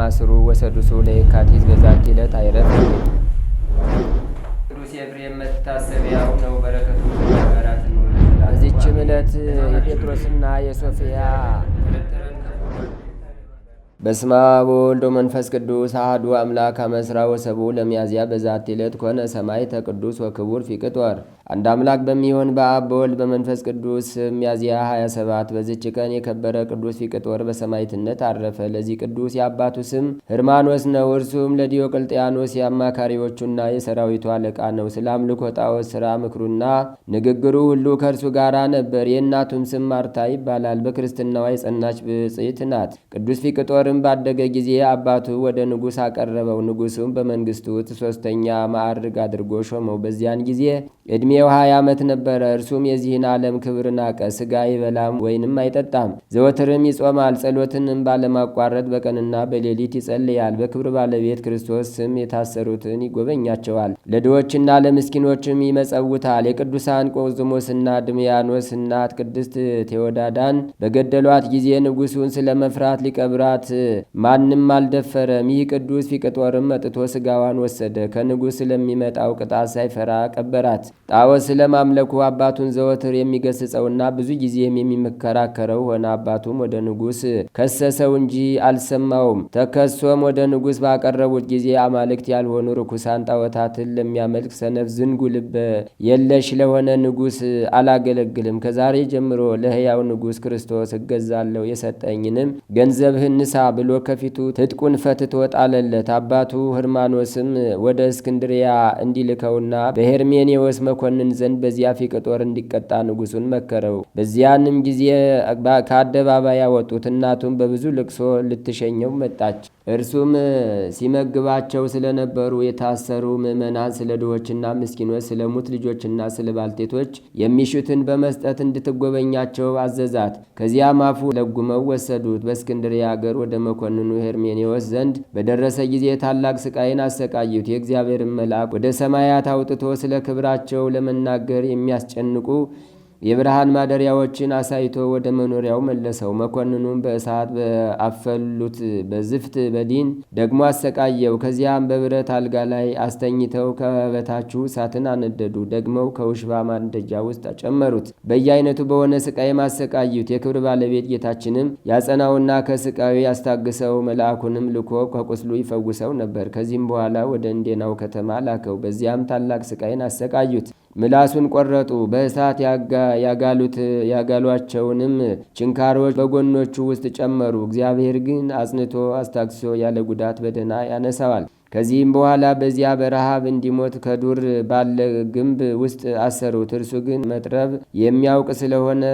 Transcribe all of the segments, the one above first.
ማስሩ ወሰዱሱ ለየካቲት በዛቲ ዕለት አይረፍ ቅዱስ ኤፍሬም መታሰቢያው ነው። በረከቱ ጋራት በዚችም ዕለት የጴጥሮስና የሶፊያ በስማ ወልዶ መንፈስ ቅዱስ አህዱ አምላክ አመስራ ወሰቡ ለሚያዝያ በዛቲ ዕለት ኮነ ሰማይ ተቅዱስ ወክቡር ፊቅጦር አንድ አምላክ በሚሆን በአብ በወልድ በመንፈስ ቅዱስ ስም ሚያዝያ 27 በዚች ቀን የከበረ ቅዱስ ፊቅጦር በሰማዕትነት አረፈ። ለዚህ ቅዱስ የአባቱ ስም ህርማኖስ ነው። እርሱም ለዲዮቅልጥያኖስ የአማካሪዎቹና የሰራዊቱ አለቃ ነው። ስለ አምልኮ ጣዖት ሥራ ምክሩና ንግግሩ ሁሉ ከእርሱ ጋራ ነበር። የእናቱም ስም ማርታ ይባላል። በክርስትናዋ የጸናች ብጽት ናት። ቅዱስ ፊቅጦርም ባደገ ጊዜ አባቱ ወደ ንጉሥ አቀረበው። ንጉሱም በመንግስቱ ውስጥ ሦስተኛ ማዕርግ አድርጎ ሾመው። በዚያን ጊዜ ዕድሜ ዕድሜው ሀያ ዓመት ነበረ። እርሱም የዚህን ዓለም ክብር ናቀ፣ ሥጋ አይበላም ወይንም አይጠጣም። ዘወትርም ይጾማል፣ ጸሎትንም ባለማቋረጥ በቀንና በሌሊት ይጸልያል። በክብር ባለቤት ክርስቶስ ስም የታሰሩትን ይጎበኛቸዋል፣ ለድሆችና ለምስኪኖችም ይመጸውታል። የቅዱሳን ቆዝሞስና ድምያኖስ እናት ቅድስት ቴዎዳዳን በገደሏት ጊዜ ንጉሡን ስለ መፍራት ሊቀብራት ማንም አልደፈረም። ይህ ቅዱስ ፊቅጦርም መጥቶ ስጋዋን ወሰደ። ከንጉሥ ስለሚመጣው ቅጣት ሳይፈራ ቀበራት። አዎ ስለ ማምለኩ አባቱን ዘወትር የሚገስጸውና ብዙ ጊዜም የሚመከራከረው ሆነ። አባቱም ወደ ንጉሥ ከሰሰው እንጂ አልሰማውም። ተከሶም ወደ ንጉሥ ባቀረቡት ጊዜ አማልክት ያልሆኑ ርኩሳን ጣዖታትን ለሚያመልክ ሰነፍ ዝንጉ ልበ የለሽ ለሆነ ንጉሥ አላገለግልም። ከዛሬ ጀምሮ ለሕያው ንጉሥ ክርስቶስ እገዛለሁ፣ የሰጠኝንም ገንዘብህን ንሳ ብሎ ከፊቱ ትጥቁን ፈትቶ ጣለለት። አባቱ ህርማኖስም ወደ እስክንድሪያ እንዲልከውና በሄርሜኔዎስ መኮ ይኮንን ዘንድ በዚያ ፊቅጦር እንዲቀጣ ንጉሱን መከረው። በዚያንም ጊዜ ከአደባባይ ያወጡት። እናቱም በብዙ ልቅሶ ልትሸኘው መጣች። እርሱም ሲመግባቸው ስለነበሩ የታሰሩ ምእመናን ስለ ድሆችና ምስኪኖች፣ ስለ ሙት ልጆችና ስለ ባልቴቶች የሚሹትን በመስጠት እንድትጎበኛቸው አዘዛት። ከዚያም አፉ ለጉመው ወሰዱት። በእስክንድርያ አገር ወደ መኮንኑ ሄርሜኔዎስ ዘንድ በደረሰ ጊዜ ታላቅ ስቃይን አሰቃዩት። የእግዚአብሔርን መልአክ ወደ ሰማያት አውጥቶ ስለ ክብራቸው ለመናገር የሚያስጨንቁ የብርሃን ማደሪያዎችን አሳይቶ ወደ መኖሪያው መለሰው። መኮንኑም በእሳት በአፈሉት በዝፍት በዲን ደግሞ አሰቃየው። ከዚያም በብረት አልጋ ላይ አስተኝተው ከበታችሁ እሳትን አነደዱ። ደግመው ከውሽባ ማንደጃ ውስጥ አጨመሩት። በየአይነቱ በሆነ ስቃይም አሰቃዩት። የክብር ባለቤት ጌታችንም ያጸናውና ከስቃዩ ያስታግሰው፣ መልአኩንም ልኮ ከቁስሉ ይፈውሰው ነበር። ከዚህም በኋላ ወደ እንዴናው ከተማ ላከው። በዚያም ታላቅ ስቃይን አሰቃዩት። ምላሱን ቆረጡ። በእሳት ያጋሉት ያጋሏቸውንም ችንካሮች በጎኖቹ ውስጥ ጨመሩ። እግዚአብሔር ግን አጽንቶ አስታግሶ ያለ ጉዳት በደህና ያነሳዋል። ከዚህም በኋላ በዚያ በረሃብ እንዲሞት ከዱር ባለ ግንብ ውስጥ አሰሩት። እርሱ ግን መጥረብ የሚያውቅ ስለሆነ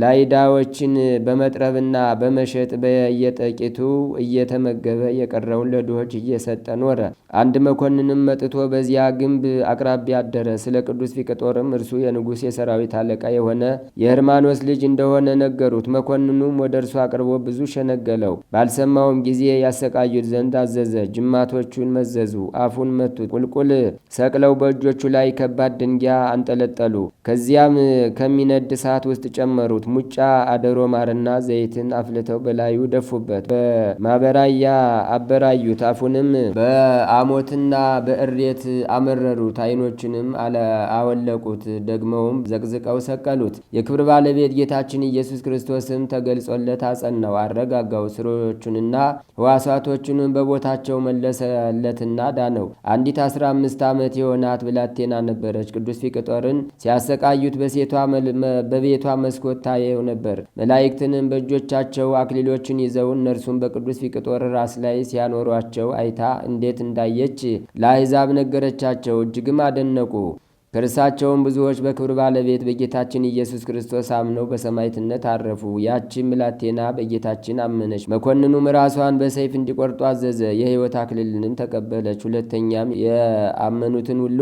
ላይዳዎችን በመጥረብና በመሸጥ በየጠቂቱ እየተመገበ የቀረውን ለድሆች እየሰጠ ኖረ። አንድ መኮንንም መጥቶ በዚያ ግንብ አቅራቢያ አደረ። ስለ ቅዱስ ፊቅጦርም እርሱ የንጉሥ የሰራዊት አለቃ የሆነ የህርማኖስ ልጅ እንደሆነ ነገሩት። መኮንኑም ወደ እርሱ አቅርቦ ብዙ ሸነገለው። ባልሰማውም ጊዜ ያሰቃዩት ዘንድ አዘዘ። ጅማቶቹን መዘዙ፣ አፉን መቱት። ቁልቁል ሰቅለው በእጆቹ ላይ ከባድ ድንጊያ አንጠለጠሉ። ከዚያም ከሚነድ እሳት ውስጥ ጨመሩ። አደረጉት። ሙጫ አደሮ ማርና ዘይትን አፍልተው በላዩ ደፉበት፣ በማበራያ አበራዩት። አፉንም በአሞትና በእሬት አመረሩት፣ አይኖችንም አወለቁት። ደግመውም ዘቅዝቀው ሰቀሉት። የክብር ባለቤት ጌታችን ኢየሱስ ክርስቶስም ተገልጾለት አጸናው፣ አረጋጋው። ስሮቹንና ህዋሳቶቹንም በቦታቸው መለሰለትና ዳነው። አንዲት አስራ አምስት ዓመት የሆናት ብላቴና ነበረች። ቅዱስ ፊቅጦርን ሲያሰቃዩት በሴቷ በቤቷ መስኮት ታየው ነበር። መላእክትንም በእጆቻቸው አክሊሎችን ይዘው እነርሱም በቅዱስ ፊቅጦር ራስ ላይ ሲያኖሯቸው አይታ እንዴት እንዳየች ለአሕዛብ ነገረቻቸው። እጅግም አደነቁ። ከእርሳቸውም ብዙዎች በክብር ባለቤት በጌታችን ኢየሱስ ክርስቶስ አምነው በሰማዕትነት አረፉ። ያቺ ምላቴና በጌታችን አመነች። መኮንኑም ራሷን በሰይፍ እንዲቆርጡ አዘዘ። የሕይወት አክሊልንም ተቀበለች። ሁለተኛም የአመኑትን ሁሉ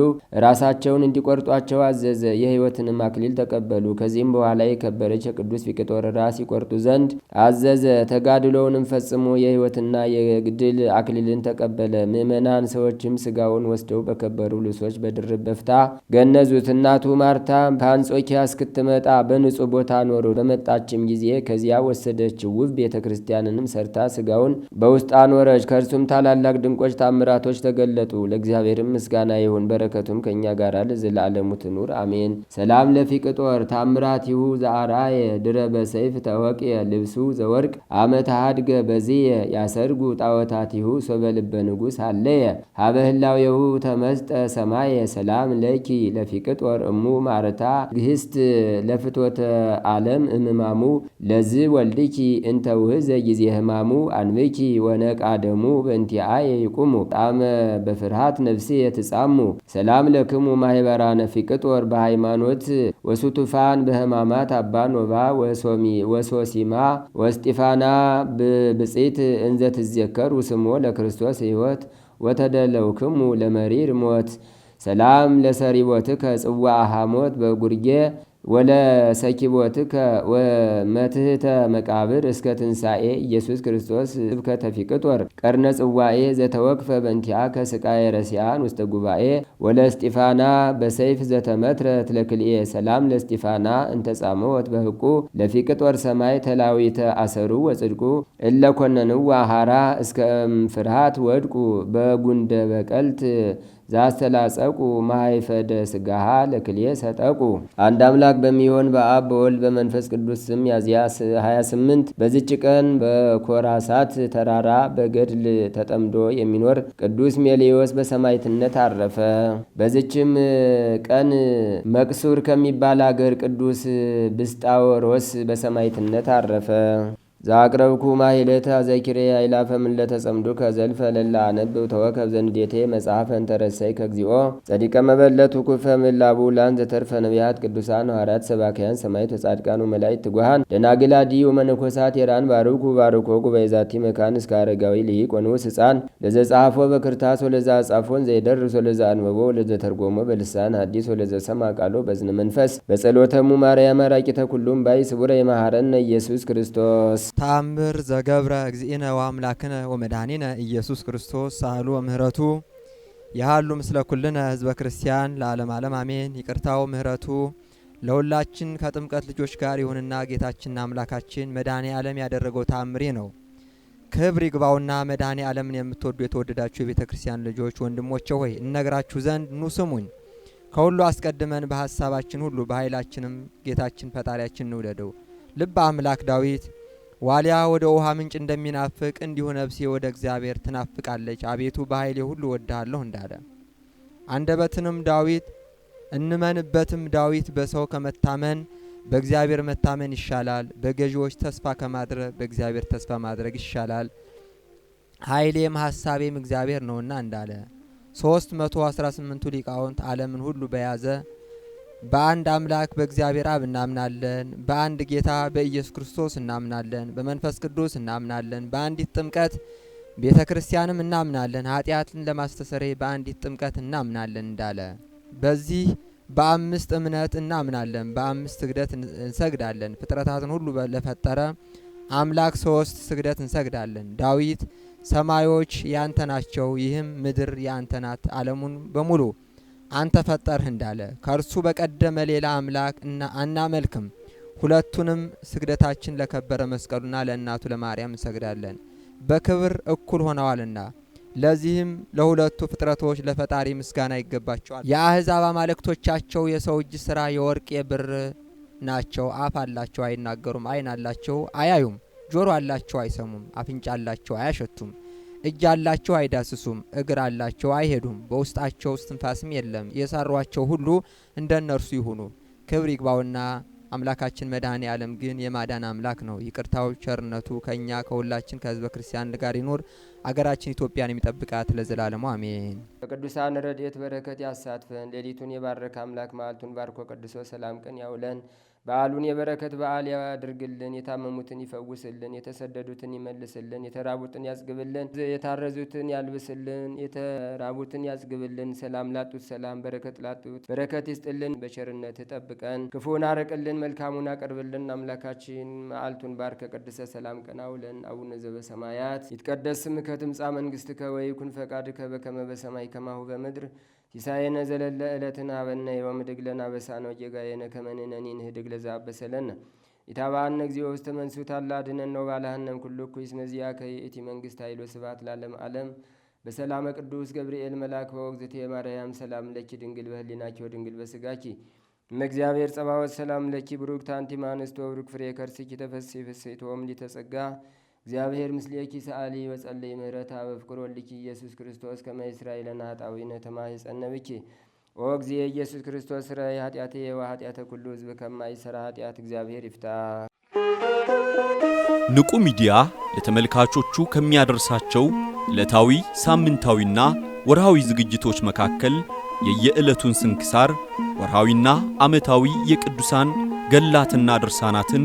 ራሳቸውን እንዲቆርጧቸው አዘዘ። የሕይወትንም አክሊል ተቀበሉ። ከዚህም በኋላ የከበረች የቅዱስ ፊቅጦር ራስ ይቆርጡ ዘንድ አዘዘ። ተጋድሎውንም ፈጽሞ የሕይወትና የግድል አክሊልን ተቀበለ። ምዕመናን ሰዎችም ስጋውን ወስደው በከበሩ ልብሶች በድርብ በፍታ ገነዙት። እናቱ ማርታ ከአንጾኪያ እስክትመጣ በንጹሕ ቦታ ኖሮ በመጣችም ጊዜ ከዚያ ወሰደች ውብ ቤተ ክርስቲያንንም ሰርታ ስጋውን በውስጥ አኖረች። ከእርሱም ታላላቅ ድንቆች ታምራቶች ተገለጡ። ለእግዚአብሔርም ምስጋና ይሁን፣ በረከቱም ከእኛ ጋር ለዘላለሙ ትኑር አሜን። ሰላም ለፊቅጦር ይሁ ዘአርአየ ድረ በሰይፍ ተወቅየ ልብሱ ዘወርቅ አመት ሃድገ በዚየ ያሰርጉ ይሁ ሶበልበ ንጉሥ አለየ ሀበህላው የሁ ተመስጠ ሰማየ ሰላም ለኪ ለፊቅጦር እሙ ማርታ ግህስት ለፍቶተ ዓለም እምማሙ ለዝ ወልድኪ እንተ ውህዘ ጊዜ ህማሙ አንብኪ ወነቃ ደሙ በእንቲአየ ይቁሙ ጣዕመ በፍርሃት ነፍሴ የትጻሙ ሰላም ለክሙ ማህበራ ነፊቅጦር በሃይማኖት ወሱቱፋን በህማማት አባ ኖባ ወሶሚ ወሶሲማ ወስጢፋና ብጽት እንዘትዘከሩ ስሞ ለክርስቶስ ሕይወት ወተደለውክሙ ለመሪር ሞት ሰላም ለሰሪቦትከ ጽዋ ሐሞት በጉርጌ ወለሰኪቦትከ ወመትህተ መቃብር እስከ ትንሣኤ ኢየሱስ ክርስቶስ ስብከተ ፊቅጦር ቀርነ ጽዋኤ ዘተወክፈ በእንቲአከ ስቃየ ረሲያን ውስተ ጉባኤ ወለእስጢፋና በሰይፍ ዘተመትረት ለክልኤ ሰላም ለእስጢፋና እንተጻመወት በህቁ ለፊቅጦር ሰማይ ተላዊተ አሰሩ ወጽድቁ እለኮነንዋ ሃራ እስከ ፍርሃት ወድቁ በጉንደ በቀልት ዛስተላጸቁ ማይፈደ ስጋሃ ለክልየ ሰጠቁ። አንድ አምላክ በሚሆን በአብ በወልድ በመንፈስ ቅዱስ ስም ሚያዝያ 28 በዚች ቀን በኮራሳት ተራራ በገድል ተጠምዶ የሚኖር ቅዱስ ሜሌዎስ በሰማይትነት አረፈ። በዚችም ቀን መቅሱር ከሚባል አገር ቅዱስ ብስጣወሮስ በሰማይትነት አረፈ። ዛቅረብኩ ማሂለተ አዘኪሬ አይላፈ ምለተ ጸምዱ ከዘልፈ ለላ አነብብ ተወከብ ዘንዴቴ መጽሐፈን እንተረሰይ ከግዚኦ ጸዲቀ መበለቱ ኩፈ ምላቡ ላን ዘተርፈ ነቢያት ቅዱሳን ሐዋርያት ሰባክያን ሰማዕት ወጻድቃኑ ትጓሃን ደናግላ ደናግላዲ ወመነኮሳት የራን ባርኩ ባርኮ ጉባኤ ዛቲ መካን እስከ አረጋዊ ልሂቅ ወንዑስ ሕፃን ለዘጻፎ በክርታስ ወለዛ ጻፎን ዘይደርስ ወለዛ አንብቦ ለዘተርጎሞ በልሳን አዲስ ወለዘሰማ ቃሎ በዝነ መንፈስ በጸሎተሙ ማርያም አራቂተ ኩሉም ባይ ስቡረ የመሐረነ ኢየሱስ ክርስቶስ ታምር ዘገብረ እግዚእነ ወአምላክነ ወመድኃኒነ ኢየሱስ ክርስቶስ ሳህሉ ምህረቱ ያሃሉ ምስለ ኩልነ ህዝበ ክርስቲያን ለዓለም ዓለም አሜን። ይቅርታው ምህረቱ ለሁላችን ከጥምቀት ልጆች ጋር ይሁንና ጌታችንና አምላካችን መድኃኔ ዓለም ያደረገው ታምሪ ነው። ክብር ይግባውና መድኃኔ ዓለምን የምትወዱ የተወደዳችሁ የቤተ ክርስቲያን ልጆች ወንድሞቼ ሆይ እነግራችሁ ዘንድ ኑ ስሙኝ። ከሁሉ አስቀድመን በሀሳባችን ሁሉ በኃይላችንም ጌታችን ፈጣሪያችን እንውደደው። ልበ አምላክ ዳዊት ዋሊያ ወደ ውሃ ምንጭ እንደሚናፍቅ እንዲሁ ነፍሴ ወደ እግዚአብሔር ትናፍቃለች፣ አቤቱ በኃይሌ ሁሉ ወድሃለሁ እንዳለ አንደበትንም ዳዊት እንመንበትም ዳዊት በሰው ከመታመን በእግዚአብሔር መታመን ይሻላል። በገዢዎች ተስፋ ከማድረግ በእግዚአብሔር ተስፋ ማድረግ ይሻላል። ኃይሌም ሀሳቤም እግዚአብሔር ነውና እንዳለ ሶስት መቶ አስራ ስምንቱ ሊቃውንት ዓለምን ሁሉ በያዘ በአንድ አምላክ በእግዚአብሔር አብ እናምናለን። በአንድ ጌታ በኢየሱስ ክርስቶስ እናምናለን። በመንፈስ ቅዱስ እናምናለን። በአንዲት ጥምቀት ቤተ ክርስቲያንም እናምናለን። ኃጢአትን ለማስተሰሬ በአንዲት ጥምቀት እናምናለን እንዳለ በዚህ በአምስት እምነት እናምናለን። በአምስት ስግደት እንሰግዳለን። ፍጥረታትን ሁሉ ለፈጠረ አምላክ ሶስት ስግደት እንሰግዳለን። ዳዊት ሰማዮች ያንተ ናቸው፣ ይህም ምድር ያንተ ናት፣ ዓለሙን በሙሉ አንተ ፈጠርህ እንዳለ ከእርሱ በቀደመ ሌላ አምላክ አናመልክም። ሁለቱንም ስግደታችን ለከበረ መስቀሉና ለእናቱ ለማርያም እንሰግዳለን በክብር እኩል ሆነዋልና። ለዚህም ለሁለቱ ፍጥረቶች ለፈጣሪ ምስጋና ይገባቸዋል። የአህዛብ አማልክቶቻቸው የሰው እጅ ስራ የወርቅ የብር ናቸው። አፍ አላቸው አይናገሩም፣ አይን አላቸው አያዩም፣ ጆሮ አላቸው አይሰሙም፣ አፍንጫ አላቸው አያሸቱም እጅ አላቸው አይዳስሱም፣ እግር አላቸው አይሄዱም፣ በውስጣቸው እስትንፋስም የለም። የሰሯቸው ሁሉ እንደ እነርሱ ይሁኑ። ክብር ይግባውና አምላካችን መድኃኔ ዓለም ግን የማዳን አምላክ ነው። ይቅርታው ቸርነቱ ከእኛ ከሁላችን ከህዝበ ክርስቲያን ጋር ይኖር። አገራችን ኢትዮጵያን የሚጠብቃት ለዘላለሙ አሜን። በቅዱሳን ረድኤት በረከት ያሳትፈን። ሌሊቱን የባረከ አምላክ መዓልቱን ባርኮ ቀድሶ ሰላም ቀን ያውለን። በዓሉን የበረከት በዓል ያድርግልን። የታመሙትን ይፈውስልን። የተሰደዱትን ይመልስልን። የተራቡትን ያጽግብልን። የታረዙትን ያልብስልን። የተራቡትን ያጽግብልን። ሰላም ላጡት ሰላም፣ በረከት ላጡት በረከት ይስጥልን። በቸርነት ጠብቀን፣ ክፉን አረቅልን፣ መልካሙን አቅርብልን። አምላካችን መዓልቱን ባርከ ቅድሰ ሰላም ቀና ውለን አቡነ ዘበሰማያት ይትቀደስ ስምከ ትምጻእ መንግስትከ ወይኩን ፈቃድከ በከመ በሰማይ ከማሁ በምድር ሲሳየነ ዘለለ ዕለትን ሀበነ ዮም ድግለን አበሳነ ወጌጋየነ ከመንነኒ ንህድግ ለዘአበሰለነ ኢታብአነ እግዚኦ ውስተ መንሱ ድነን ነው ባላህነም ኩሉ ኩይስ መዚያ ከይእቲ መንግስት ኃይሎ ስባት ላለም ዓለም በሰላመ ቅዱስ ገብርኤል መልአክ በወግዝቴ ማርያም ሰላም ለኪ ድንግል በህሊናቸው ድንግል በስጋኪ እግዚአብሔር ጸባወት ሰላም ለኪ ብሩክ አንቲ እምአንስቶ ብሩክ ፍሬ ከርስኪ ተፈሥሒ ፍሥሕት ሊተጸጋ እግዚአብሔር ምስሌኪ ሰአሊ ወጸለይ ምህረታ በፍቅር ወልኪ ኢየሱስ ክርስቶስ ከመ እስራኤልና ኃጣዊነ ተማይጸነብኪ ኦ ጊዜ ኢየሱስ ክርስቶስ ስራይ የ ወኃጢአተ ኩሉ ህዝብ ከማይሰራ ኃጢአት እግዚአብሔር ይፍታ። ንቁ ሚዲያ ለተመልካቾቹ ከሚያደርሳቸው ዕለታዊ ሳምንታዊና ወርሃዊ ዝግጅቶች መካከል የየዕለቱን ስንክሳር ወርሃዊና ዓመታዊ የቅዱሳን ገላትና ድርሳናትን